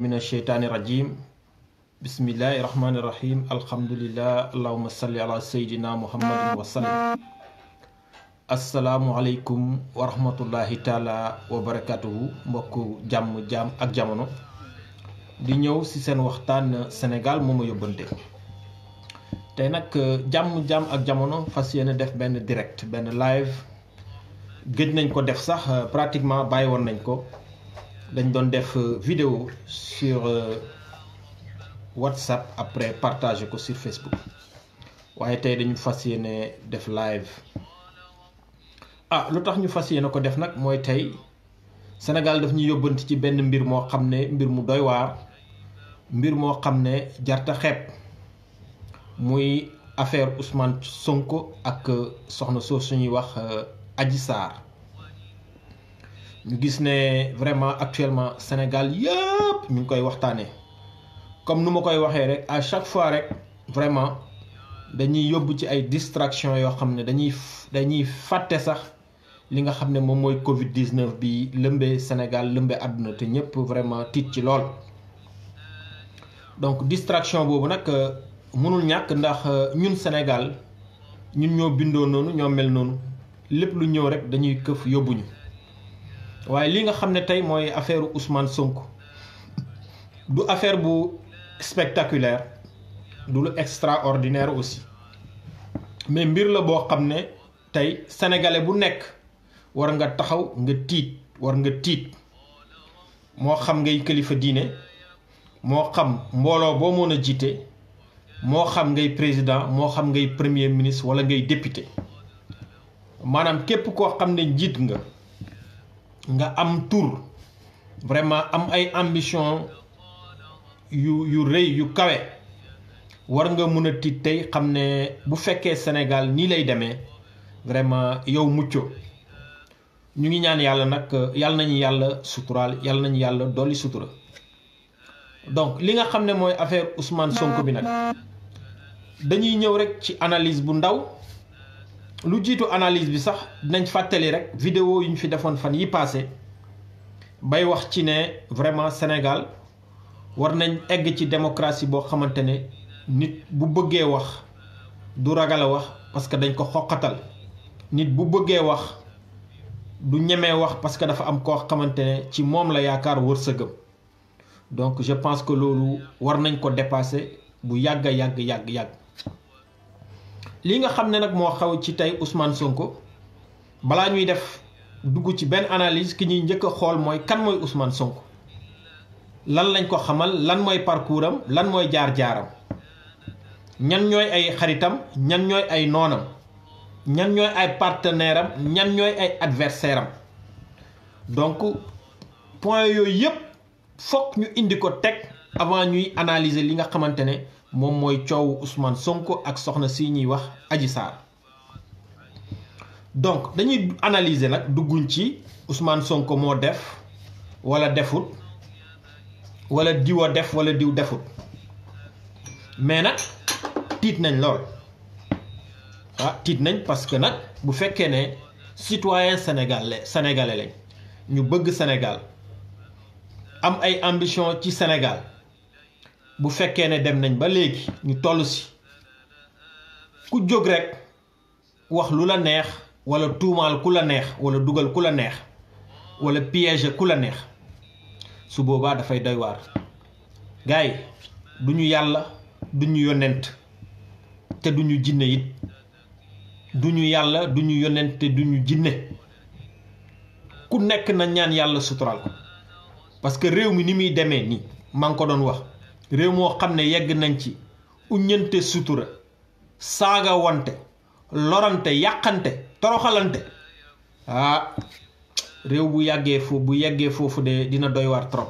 min asheytaani rajim bismillahi rahmaani rahim alhamdulillah allahuma salli ala seydina muhammadin wa sallim asalaamualeykum wa rahmatullahi taala mbokk jàmm jàmm ak jamono di ñëw ci seen waxtaan Sénégal moo ma yóbbante tey nag jàmm jàmm ak jamono fas yéene def benn direct benn live gëj nañ ko def sax pratiquement bàyyi woon nañ ko dañ doon def euh, vidéo sur euh, WhatsApp après partager ko sur Facebook waaye tey dañu fas yéene def live ah lu tax ñu fas yéene ko def nag mooy tey Sénégal daf ñu yóbbanti ci benn mbir moo xam ne mbir mu doy waar mbir moo xam ne jarta xeeb muy affaire Ousmane Sonko ak euh, soxna soo suñuy wax aji Sarr ñu gis ne vraiment actuellement Sénégal yëpp ñu ngi koy waxtaanee comme nu ma koy waxee rek à chaque fois rek vraiment dañuy yóbbu ci ay distraction yoo xam ne dañuy dañuy fàtte sax li nga xam ne moom mooy Covid 19 bi lëmbee Sénégal lëmbee àdduna te ñëpp vraiment tiit ci lool donc distraction boobu nag euh, mënul ñàkk ndax euh, ñun Sénégal ñun ñoo bindoo noonu ñoo mel noonu lépp lu ñëw rek dañuy këf yóbbuñu. waaye li nga xam ne tey mooy affaire Ousmane Sonko du affaire bu spectaculaire du lu extraordinaire aussi mais mbir la boo xam ne tey sénégalais bu nekk war nga taxaw nga tiit war nga tiit moo xam ngay kilifa diine moo xam mbooloo boo mën a jiite moo xam ngay président moo xam ngay premier ministre walla ngay député maanaam képp koo xam ne njiit nga. nga am tur vraiment am ay ambition yu yu rëy yu kawe war nga mun a tiit tey xam ne bu fekkee Sénégal nii lay demee vraiment yow mucco ñu ngi ñaan yàlla nag yàlla nañu yàlla suturaal yàlla nañu yàlla dolli sutura donc li nga xam ne mooy affaire Ousmane Sonko bi nag dañuy ñëw rek ci analyse bu ndaw lu jiitu analyse bi sax dinañ fàttali rek vidéo yu ñu fi defoon fan yi paase bay wax ci ne vraiment Sénégal war nañ egg ci démocratie boo xamante ne nit bu bëggee wax du ragal a wax parce que dañ ko xoqatal nit bu bëggee wax du ñemee wax parce que dafa am koo xamante ne ci moom la yaakaar wërsëgam donc je pense que loolu war nañ ko dépasser bu yàgg a yàgg yàgg yàgg li nga xam ne nag moo xaw ci tey Ousmane Sonko balaa ñuy def dugg ci benn analyse ki ñuy njëkk a xool mooy kan mooy Ousmane Sonko lan lañ ko xamal lan mooy parcours am lan mooy jaar-jaaram ñan ñooy ay xaritam ñan ñooy ay noonam ñan ñooy ay partenaire am ñan ñooy ay adversaire am donc point yooyu yëpp fokk ñu indi ko teg avant ñuy analyser li nga xamante ne moom mooy coowu Ousmane Sonko ak soxna si ñuy wax aji Sarr donc dañuy analyser nag dugguñ ci Ousmane Sonko moo def wala defut wala diw a def wala diw defut mais nag tiit nañ lool ah tiit nañ parce que nag bu fekkee ne citoyen sénégalais sénégalais lañ ñu bëgg Sénégal am ay ambition ci Sénégal bu fekkee ne dem nañ ba léegi ñu toll si ku jóg rekk wax lu la neex walla tuumaal ku la neex walla dugal ku la neex walla piéger ku la neex su boobaa dafay doy waar gars yi du ñu yàlla du ñu yonent te du ñu jinne it du ñu yàlla du ñu yonent te du ñu jinne ku nekk na ñaan yàlla suturaal ko parce que réew mi ni muy demee ni maa ngi ko doon wax réew moo xam ne yegg nañ ci uññante sutura saaga wante lorante yàqante toroxalante ah réew bu yàggee foofu yeggee foofu de dina doy waar trop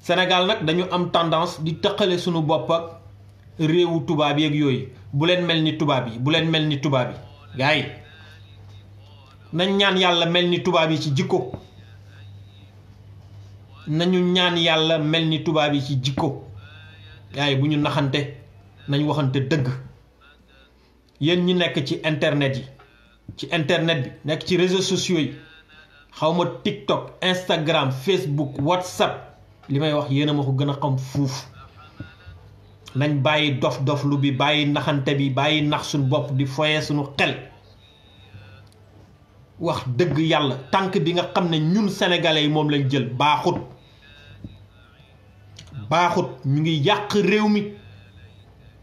Sénégal nag dañu am tendance di tëqale sunu bopp ak réewu tubaab yeeg yooyu buleen mel ni tubaab yi bu leen mel ni tubaab yi gars nañ ñaan yàlla mel ni tubaab yi ci jikko nañu ñaan yàlla mel ni tubaab yi ci jikko yaay bu ñu naxante nañ waxante dëgg yéen ñi nekk ci internet yi ci internet bi nekk ci réseaux sociaux yi xawma TikTok Instagram Facebook WhatsApp li may wax yéen a ma ko gën a xam fuuf nañ bàyyi dof-doflu bi bàyyi naxante bi bàyyi nax suñu bopp di foye suñu xel wax dëgg yàlla tànk bi nga xam ne ñun sénégalais yi moom lañ jël baaxut baaxut ñu ngi yàq réew mi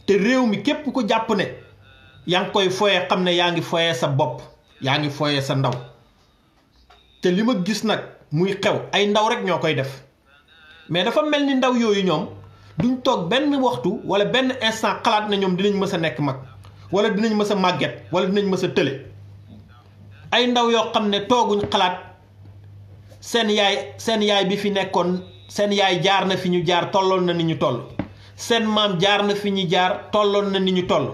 te réew mi képp ko jàpp ne yaa ngi koy foye xam ne yaa ngi foye sa bopp yaa ngi foye sa ndaw te li ma gis nag muy xew ay ndaw rek ñoo koy def mais dafa mel ni ndaw yooyu ñoom duñ toog benn waxtu wala benn instant xalaat na ñoom dinañ mës a nekk mag wala dinañ mës a màgget wala dinañ mës a tële ay ndaw yoo xam ne tooguñu xalaat seen yaay seen yaay bi fi nekkoon seen yaay jaar na fi ñu jaar tolloon na ni ñu toll seen maam jaar na fi ñu jaar tolloon na ni ñu toll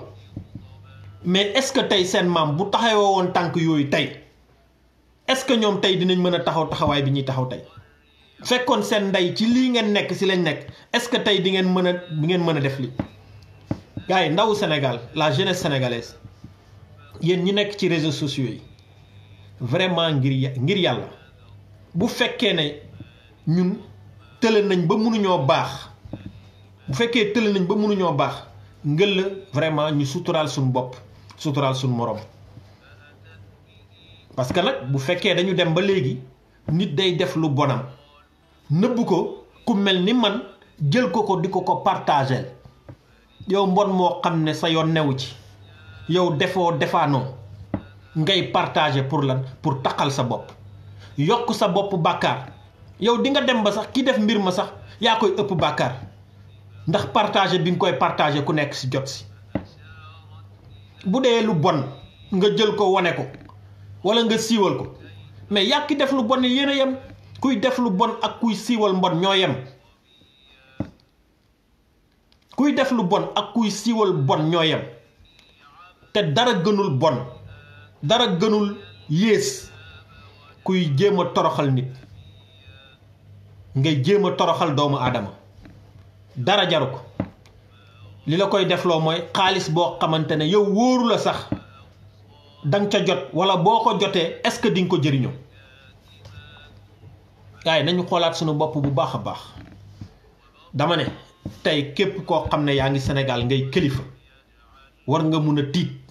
mais est-ce que tey seen maam bu taxawoo woon tànk yooyu tey est-ce que ñoom tey dinañ mën a taxaw taxawaay bi ñuy taxaw tey fekkoon seen ndey ci lii ngeen nekk si lañ nekk est-ce que tey di ngeen mën a di ngeen mën a def li gars yi ndawu Sénégal la jeunesse sénégalaise yéen ñu nekk ci réseau sociaux yi vraiment ngir ngir yàlla bu fekkee ne ñun tële nañ ba mënuñoo baax bu fekkee tële nañ ba mënuñoo baax ngël la vraiment ñu suturaal suñu bopp suturaal suñu morom parce que nag bu fekkee dañu dem ba léegi nit day def lu bonam nëbbu ko ku mel ni man jël ko ko di ko ko partagel yow mbon moo xam ne sa yoon newu ci yow defoo defaanoo ngay partager pour lan pour taqal sa bopp yokk sa bopp bàkkaar yow di nga dem ba sax ki def mbir ma sax yaa koy ëpp bàkkaar ndax partager bi nga koy partager ku nekk si jot si bu dee lu bon nga jël ko wane ko wala nga siiwal ko mais yaa ki def lu bon yéen a yem kuy def lu bon ak kuy siiwal mbon ñoo yem kuy def lu bon ak kuy siiwal bon ñoo yem te dara gënul bon dara gënul yées kuy jéem a toroxal nit ngay jéem a toroxal doomu aadama dara jaru ko li la koy defloo mooy xaalis boo xamante ne yow wóoru la sax danga ca jot wala boo ko jotee est-ce que di nga ko jëriñoo waaye nañu xoolaat sunu bopp bu baax a baax dama ne tey képp koo xam ne yaa ngi Sénégal ngay kilifa war nga mun a tiit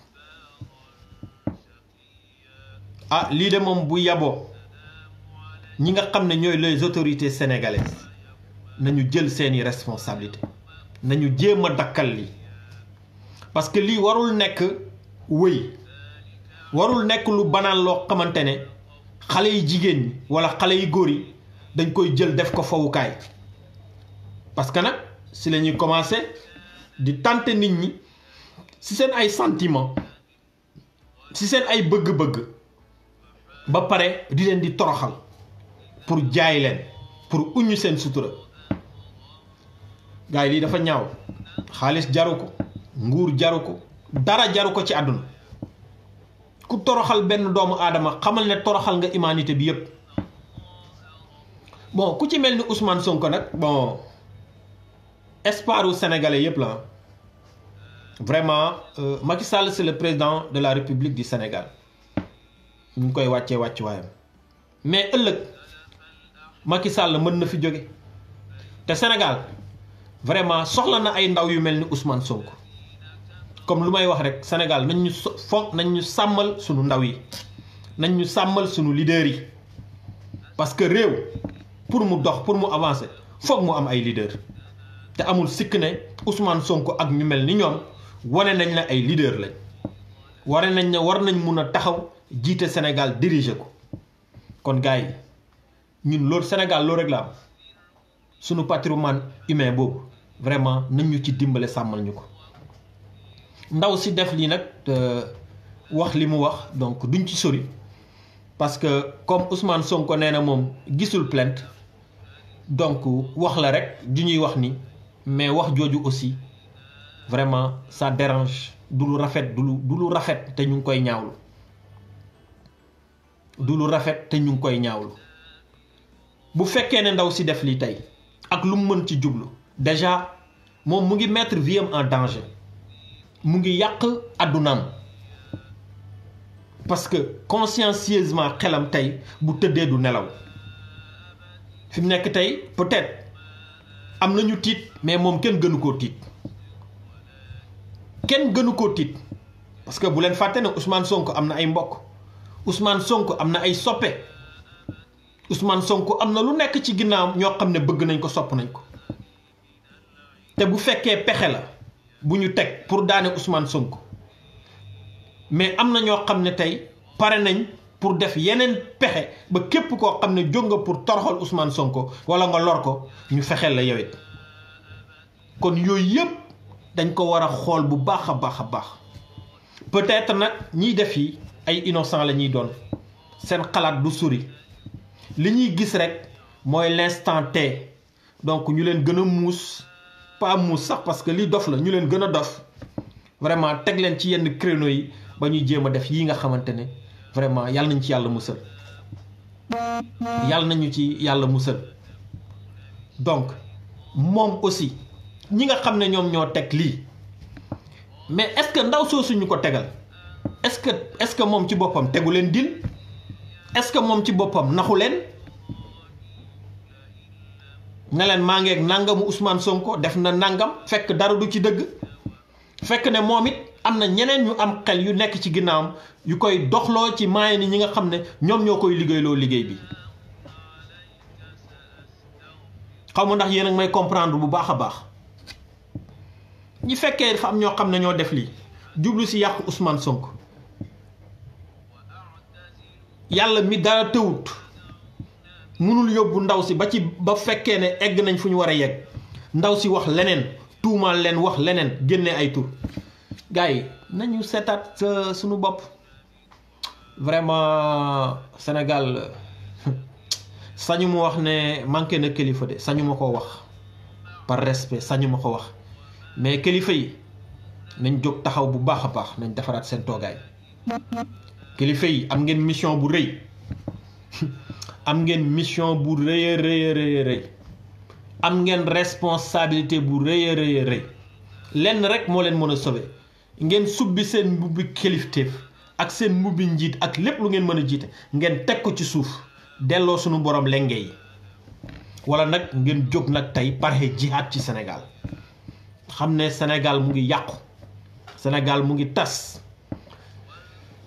a ah, lii de moom bu yaboo ñi nga xam ne ñooy les autorités sénégalaises nañu jël seeni responsabilité nañu jéem a dakkal lii parce que lii warul nekk wëy warul nekk lu banaan loo xamante ne xale yi jigéen ñi wala xale yi góor yi dañ koy jël def ko fawukaay parce que nag si lañuy ñuy commencé di tenter nit ñi si seen ay sentiment si seen ay bëgg-bëgg ba pare di leen di toroxal pour jaay leen pour uñu seen sutura gars lii dafa ñaaw xaalis jaru ko nguur jaru ko dara jaru ko ci àdduna ku toroxal benn doomu aadama xamal ne toroxal nga humanité bi yépp bon ku ci mel ni Ousmane Sonko nag bon espoir u sénégalais yépp la vraiment euh, Macky Sall c'est le président de la République du Sénégal ñu koy wàccee wàccuwaayam mais ëllëg Macky Sall mën na fi jóge te Sénégal vraiment soxla na ay ndaw yu mel ni Ousmane Sonko comme lu may wax rek Sénégal nañ ñu foog nañ ñu sàmmal sunu ndaw yi nañ ñu sàmmal sunu leader yi parce que réew pour mu dox pour mu avancé foog mu am ay leader te amul sikk ne Ousmane Sonko ak ñu mel ni ñoom wane nañ ne ay leader lañ wane nañ ne war nañ mun a taxaw. jiite Sénégal diriger ko kon gars yi ñun loolu Sénégal loolu rek la am sunu humain boobu vraiment nañ ñu ci dimbale sàmmal ñu ko ndaw si def lii nag wax li mu wax donc duñ ci sori parce que comme Ousmane Sonko nee na moom gisul plainte donc wax la rek ju ñuy wax ni mais wax jooju aussi vraiment sa dérange du lu rafet du lu rafet te ñu ngi koy ñaawlu. du lu rafet te ñu ngi koy ñaawlu bu fekkee ne ndaw si def li tey ak lu mu mën ci jublu déjà moom mu ngi mettre vie en danger mu ngi yàq àddunaam parce que consciencieusement xelam tey bu tëddee du nelaw fi mu nekk tey peut-être am nañu tiit mais moom kenn gënu koo tiit kenn gënu koo tiit parce que bu leen fàtte ne Ousmane Sonko am na ay mbokk. Ousmane Sonko am na ay soppe usmaan Sonko am na lu nekk ci ginnaawam ñoo xam ne bëgg nañ ko sopp nañ ko te bu fekkee pexe la bu ñu teg pour daane Ousmane Sonko mais am na ñoo xam ne tey pare nañ pour def yeneen pexe ba képp koo xam ne jóg nga pour toroxal usmaan Sonko wala nga lor ko ñu fexee la yowet kon yooyu yëpp dañ ko war a xool bu baax a baax a baax peut-être nag ñiy def yi ay innocent la ñuy doon seen xalaat du suri li ñuy gis rek mooy l'instant T donc ñu leen gën a muus pas muus sax parce que li dof la ñu leen gën a dof vraiment teg leen ci yenn créneaux yi ba ñuy jéem a def yi nga xamante ne vraiment yàlla nañ ci yàlla musal yàlla nañu ci yàlla musal donc moom aussi ñi nga xam ne ñoom ñoo teg lii mais est-ce que ndaw soosu ñu ko tegal est-ce que est-ce que moom ci boppam tegu leen dil est-ce que moom ci boppam naxu leen ne leen maa ngeeg nangamu Ousmane Sonko def na nangam fekk dara du ci dëgg fekk ne moom it am na ñeneen ñu am xel yu nekk ci ginnaawam yu koy doxloo ci maaye ni ñi nga xam ne ñoom ñoo koy liggéeyloo liggéey bi xaw ma ndax yéen a may comprendre bu baax a baax ñi fekkee dafa am ñoo xam ne ñoo def lii jublu si yàqu usmaan Sonko yàlla mi dara tëwut mënul yóbbu ndaw si ba ci ba fekkee ne egg nañ fu ñu war a yegg ndaw si wax leneen tuumaal leen wax leneen génne ay tur gars yi nañu seetaat suñu bopp vraiment Sénégal sañu ma wax ne manqué na kilifa de sañu ma ko wax par respect sañu ma ko wax mais kilifa yi nañ jóg taxaw bu baax a baax nañ defaraat seen toogaay kilifa yi am ngeen mission bu rëy am ngeen mission bu rëy a rëy am ngeen responsabilité bu rëy a rëy lenn rek moo leen mën a sauver ngeen subbi seen mbubbi kilifteef ak seen mbubbi njiit ak lépp lu ngeen mën a jiite ngeen teg ko ci suuf delloo sunu borom lenge yi wala nag ngeen jóg nag tey pare jihaat ci senegal xam ne senegal mu ngi yàqu Sénégal mu ngi tas.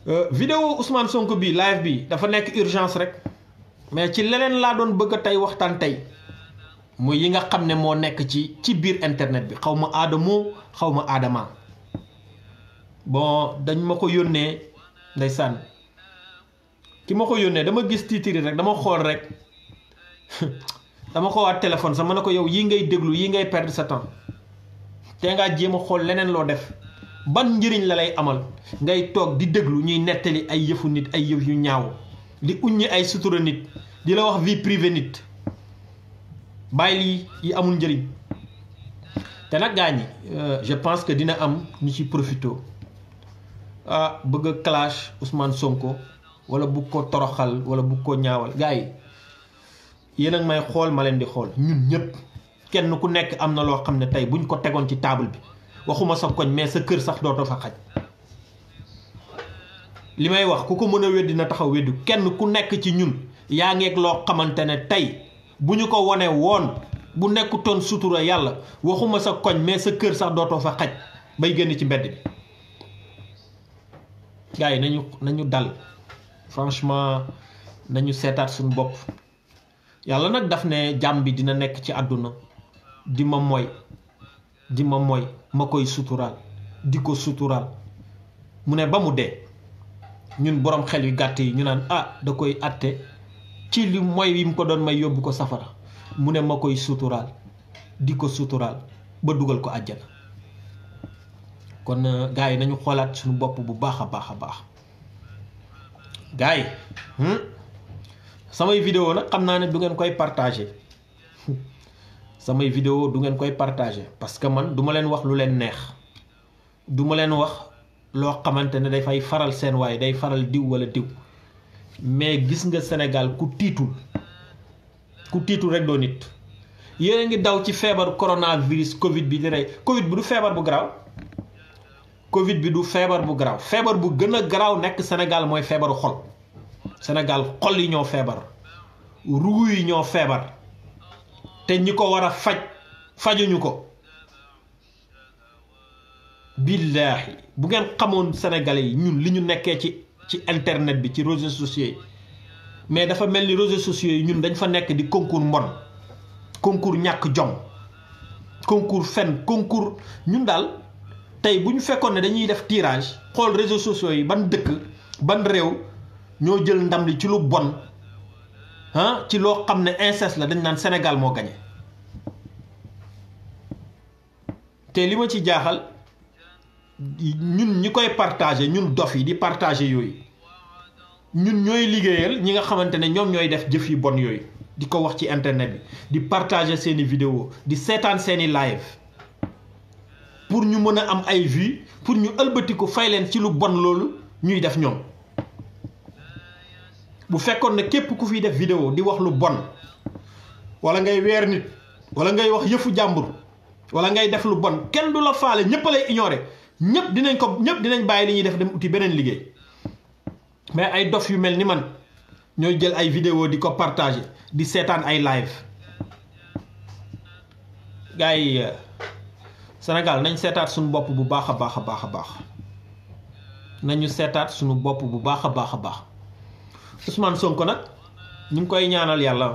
Euh, video Ousmane Sonko bi live bi dafa nekk urgence rek mais ci leneen laa doon bëgg a tey waxtaan tey muy yi nga xam ne moo nekk ci ci biir internet bi xaw ma aadamoo xaw ma aadamaa bon dañ ma ko yónnee ndeysaan ki ma ko yónnee dama gis tiitiri rek dama xool rek dama ko waat téléphone sama ma ko yow yi ngay déglu yi ngay perd sa temps te ngaa jéem a xool leneen loo def ban njëriñ la lay amal ngay toog di déglu ñuy nettali ay yëfu nit ay yëf yu ñaaw di uññi ay sutura nit di la wax vie privée nit bàyyi lii amul njëriñ te nag gaa ñi euh, je pense que dina am ñu ci profito ah bëgg a clash Ousmane Sonko wala bugg ko toroxal wala bugg ko ñaawal gaa yi yeneen a may xool ma leen di xool ñun ñëpp kenn ku nekk am na loo xam ne tey buñ ko tegoon ci table bi waxuma sa koñ mais sa kër sax dootoo fa xaj li may wax ku ko mën a weddi na taxaw weddi kenn ku nekk ci ñun yaa ngeeg loo xamante ne tey bu ñu ko wone woon bu nekkutoon sutura yàlla waxuma sa koñ mais sa kër sax dootoo fa xaj bay génn ci mbedd bi gars nañu nañu dal franchement nañu seetaat suñu bopp yàlla nag daf ne jàmm bi dina nekk ci àdduna di ma mooy di ma mooy ma koy suturaal di ko suturaal mu ne ba mu dee ñun boroom xel yu gàtt yi ñu naan ah da koy atte ci li mooy yi mu ko doon may yóbbu ko safara mu ne ma koy suturaal di ko suturaal ba dugal ko àjjana kon euh, gars yi nañu xoolaat suñu bopp bu baax a baax a baax gars yi hmm? samay video nag xam naa ne du ngeen koy partagé samay vidéo du ngeen koy partagé parce que man duma leen wax lu leen neex duma leen wax loo xamante ne day fay faral seen waaye day faral diw wala diw mais gis nga Sénégal ku tiitul ku tiitul rek doo nit yéen a ngi daw ci feebaru coronavirus Covid bi di rey Covid bi du feebar bu garaaw Covid bi du feebar bu garaaw feebar bu gën a garaaw nekk Sénégal mooy feebaru xol Sénégal xol yi ñoo feebar rugu ñoo feebar. te ñi ko war a faj fajuñu ko billaahi bu ngeen xamoon sénégalais yi ñun li ñu nekkee ci ci internet bi ci réseaux sociaux mais dafa mel ni réseaux sociaux yi ñun dañ fa nekk di concours mbon concours ñàkk jom concours fenn concours ñun daal tey bu ñu fekkoon ne dañuy def tirage xool réseau sociaux yi ban dëkk ban réew ñoo jël ndam li ci lu bon ah ci loo xam ne inceste la dañ naan Sénégal moo gañe te li ma ci jaaxal ñun ñi koy partagé ñun dof yi di partagé yooyu ñun ñooy liggéeyal ñi nga xamante ne ñoom ñooy def jëf yi bon yooyu di ko wax ci internet bi di partagé seeni vidéo di seetaan seeni live pour ñu mën a am ay vues pour ñu ëlbatiku fay leen ci lu bon loolu ñuy def ñoom bu fekkoon ne képp ku fiy def vidéo di wax lu bon wala ngay weer nit wala ngay wax yëfu jàmbur wala ngay def lu bon kenn du la faale ñëpp a lay ignorer ñëpp dinañ ko ñëpp dinañ bàyyi li ñuy def dem uti beneen liggéey mais ay dof yu mel ni man ñooy jël ay vidéo di ko partage di seetaan ay live gars yi euh, Sénégal nañ seetaat suñu bopp bu baax a baax a baax a baax nañu seetaat suñu bopp bu baax a baax a baax Ousmane Sonko nag ñu ngi koy ñaanal yàlla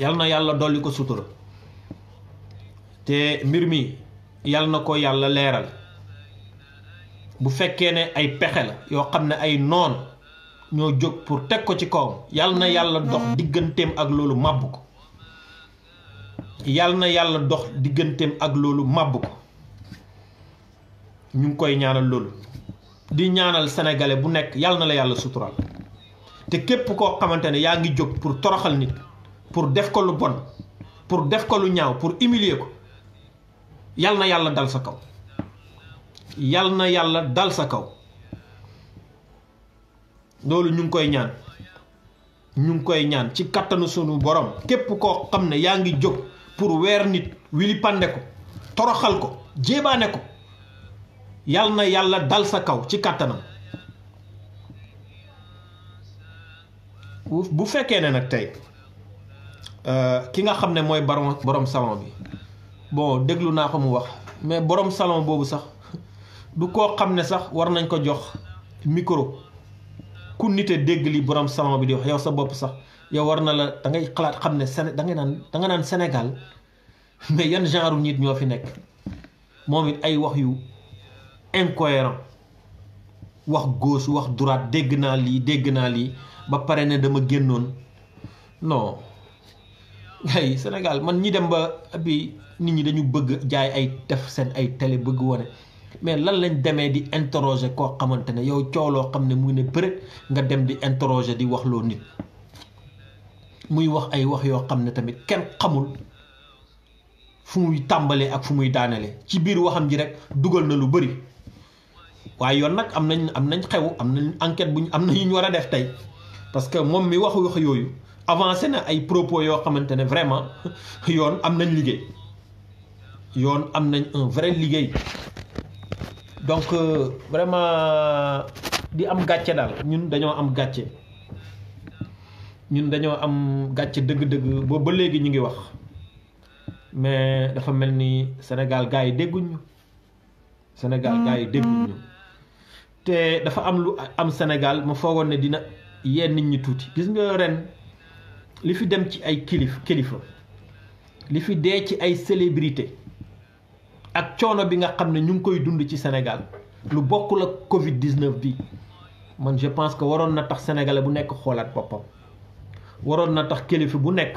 yàlla na yàlla dolli ko sutura te mbir mi yàlla na ko yàlla leeral bu fekkee ne ay pexe la yoo xam ne ay noon ñoo jóg pour teg ko ci kawam yàlla na yàlla dox digganteem ak loolu màbb ko na yàlla dox digganteem ak loolu màbb ñu ngi koy ñaanal loolu di ñaanal sénégalais bu nekk yàlla na la yàlla suturaal te képp koo xamante ne yaa ngi jóg pour toroxal nit pour def ko lu bon pour def ko lu ñaaw pour humilier ko yal na yàlla dal sa kaw yal na yàlla dal sa kaw loolu ñu ngi koy ñaan ñu ngi koy ñaan ci kattanu sunu borom képp koo xam ne yaa ngi jóg pour weer nit wili pande ko toroxal ko jéebaane ko yal na yàlla dal sa kaw ci kattanam bu fekkee ne nag tey euh, ki nga xam ne mooy borom borom salon bi bo déglu naa ko mu wax mais borom salon boobu sax du koo xam ne sax war nañ ko jox micro ku nite dégg li borom salon bi di wax yow sa bopp sax yow war na la da ngay xalaat xam ne Séné da ngay da nga naan Sénégal mais yan genre nit ñoo fi nekk moom it ay wax yu incohérent wax gauche wax duraat dégg naa lii dégg naa lii. ba pare ne dama génnoon non ay Sénégal man ñi dem ba bi nit ñi dañu bëgg jaay ay def seen ay tele bëgg wane mais lan lañ demee di interroger koo xamante ne yow coow loo xam ne mu ne bëri nga dem di interroger di wax loo nit muy wax ay wax yoo xam ne tamit kenn xamul fu muy tàmbalee ak fu muy daanale ci biir waxam ji rek dugal na lu bari waaye yoon nag am nañ am nañ xew am nañ enquête bu ñu am na ñu war a def tey. parce que moom mi wax wax yooyu avance na ay propos yoo xamante ne vraiment yoon am nañ liggéey yoon am nañ un vrai liggéey donc euh, vraiment di am gàcce daal ñun dañoo am gàcce ñun dañoo am gàcce dëgg-dëgg boobu ba léegi ñu ngi wax mais dafa mel ni Sénégal gars yi dégguñu ñu Sénégal yi dégguñ mm-hmm. te dafa am lu am Sénégal ma foogoon ne dina yéen nit ñi tuuti gis nga ren li fi dem ci ay kilif kilifa li fi dee ci ay célébrité ak coono bi nga xam ne ñu ngi koy dund ci Sénégal lu bokkul ak Covid 19 bi man je pense que waroon na tax sénégalais bu nekk xoolaat boppam waroon na tax kilifa bu nekk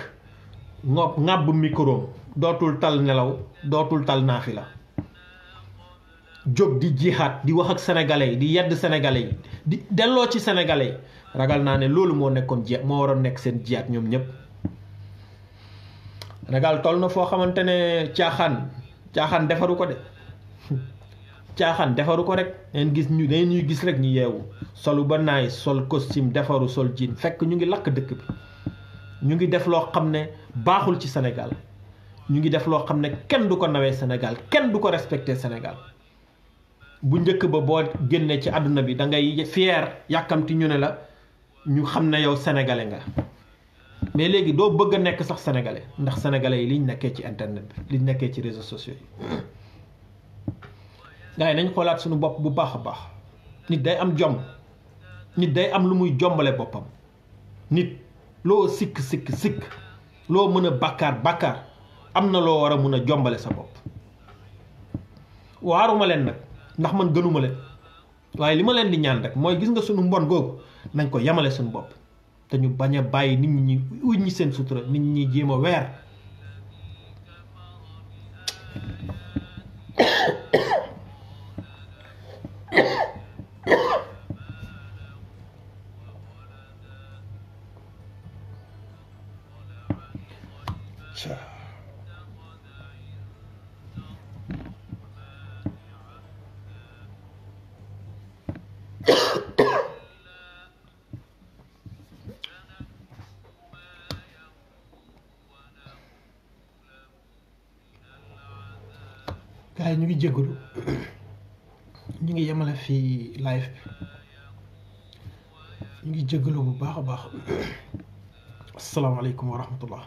ngóob ŋàbb micro dootul tal nelaw dootul tal naafi la. jóg di jiixaat di wax ak sénégalais yi di yedd sénégalais yi di delloo ci sénégalais ragal naa ne loolu moo nekkoon jihaat moo waroon nekk seen jihaat ñoom ñëpp ragal toll na foo xamante ne caaxaan caaxaan defaru ko de caaxaan defaru ko rek ngeen gis ñu dañ ñuy gis rek ñu yeewu solu ba naay sol costume defaru sol jean fekk ñu ngi lakk dëkk bi ñu ngi def loo xam ne baaxul ci senegal ñu ngi def loo xam ne kenn du ko nawee senegal kenn du ko respecté senegal bu njëkk ba boo génnee ci àdduna bi da ngay fier yàkkamti ñu ne la ñu xam ne yow sénégalais nga mais léegi doo bëgg a nekk sax sénégalais ndax sénégalais yi liñ nekkee ci internet bi liñ nekkee ci réseaux sociaux yi gars yi xoolaat suñu bopp bu baax a baax nit day am jom nit day am lu muy jombale boppam nit loo sikk sikk sikk loo mën a bàkkaar bàkkaar am na loo war a mun a jombale sa bopp waaruma leen nag ndax man gënuma leen waaye li ma leen di ñaan rek mooy gis nga suñu mbon googu nañ ko yemale suñu bopp te ñu bañ a bàyyi nit ñi uñ ñi seen sutura nit ñi jéem a weer gars yi ñu ngi jégalu ñu ngi yemale fii live bi ñu ngi jégalu bu baax a baax asalaamaaleykum wa rahmatullah